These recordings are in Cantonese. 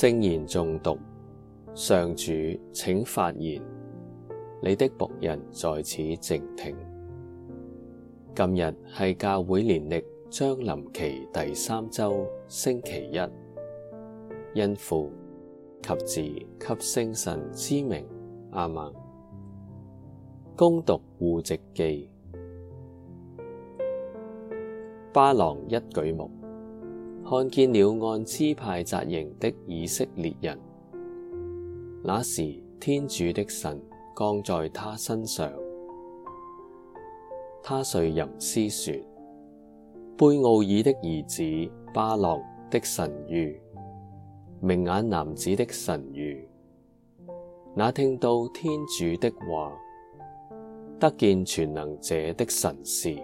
聖言誦讀，上主，請發言，你的僕人在此靜聽。今日係教會年曆將臨期第三周星期一，因父及子及聖神之名，阿門。恭讀戶籍紀，巴郎一舉目。看見了按支派紮營的以色列人，那時天主的神降在他身上，他遂吟詩說：貝敖爾的兒子巴郎的神諭，明眼男子的神諭，那聽到天主的話，得見全能者的神視，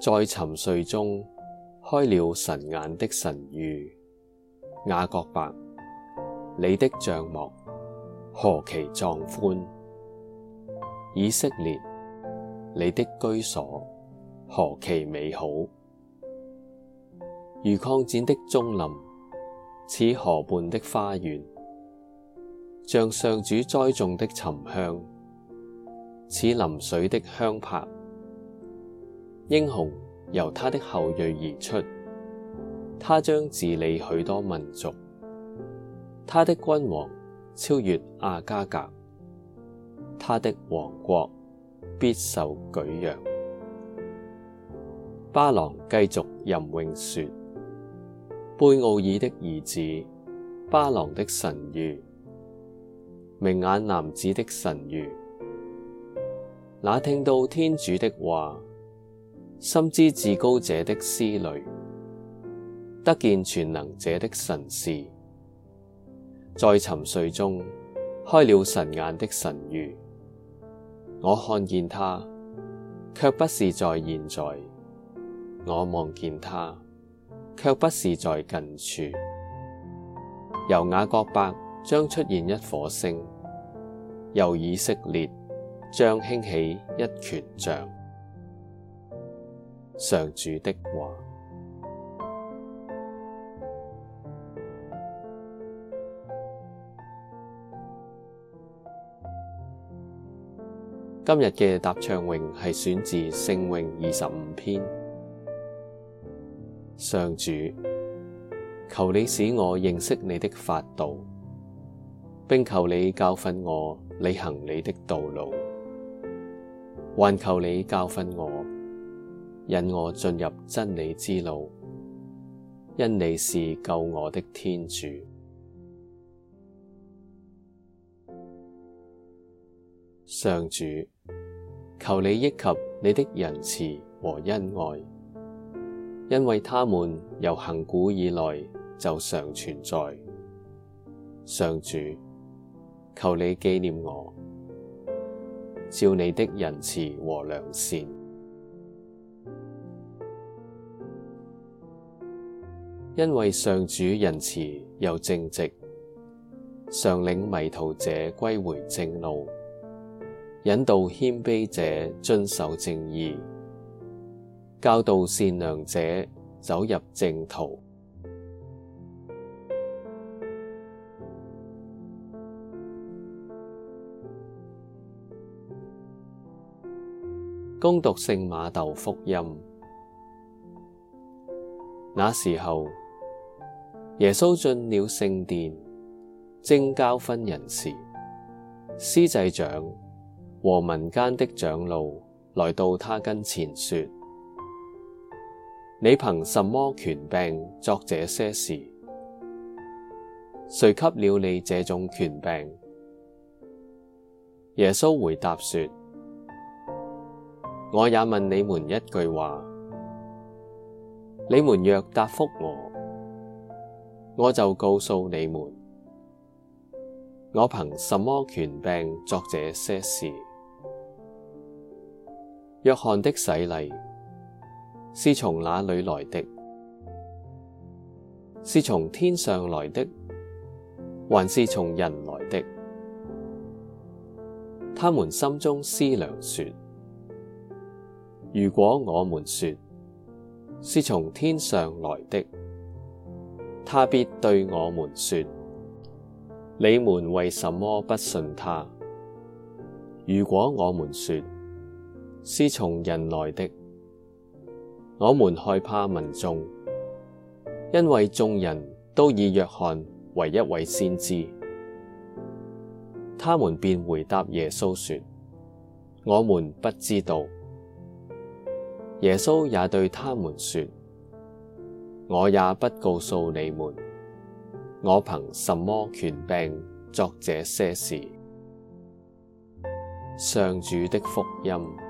在沉睡中。開了神眼的神諭，雅各伯，你的帳幕何其壯觀；以色列，你的居所何其美好。如擴展的棕林，似河畔的花園，像上主栽種的沉香，似臨水的香柏，英雄。由他的後裔而出，他將治理許多民族，他的君王超越阿加格，他的王國必受舉揚。巴郎繼續吟詠說：貝敖爾的兒子，巴郎的神諭，明眼男子的神諭，那聽到天主的話。深知至高者的思慮，得見全能者的神視，在沉睡中開了神眼的神諭，我看見他，却不是在現在；我望見他，却不是在近處。由雅各伯將出現一顆星，由以色列將興起一權杖。上主的話，今日嘅答唱詠係選自聖詠二十五篇。上主，求你使我認識你的法度，並求你教訓我，履行你的道路，還求你教訓我。引我進入真理之路，因你是救我的天主。上主，求你憶及你的仁慈和恩愛，因為它們由亙古以來就常存在。上主，求你紀念我，照你的仁慈和良善。因為上主仁慈又正直，常領迷途者歸回正路，引導謙卑者遵守正義，教導善良者走入正途。恭讀聖瑪竇福音。那時候，耶穌進了聖殿，正教訓人時，司祭長和民間的長老來到他跟前說：你憑什麼權柄作這些事？誰給了你這種權柄？耶穌回答說：我也問你們一句話。你們若答覆我，我就告訴你們，我憑什麼權柄作這些事？若翰的洗禮是從哪裏來的？是從天上來的，還是從人來的？他們心中思量說：如果我們說，是從天上來的，他必對我們說：你們為什麼不信他？如果我們說是從人來的，我們害怕民眾，因為眾人都以若翰為一位先知，他們便回答耶穌說：我們不知道。耶穌也對他們說：我也不告訴你們，我憑什麼權柄作這些事。上主的福音。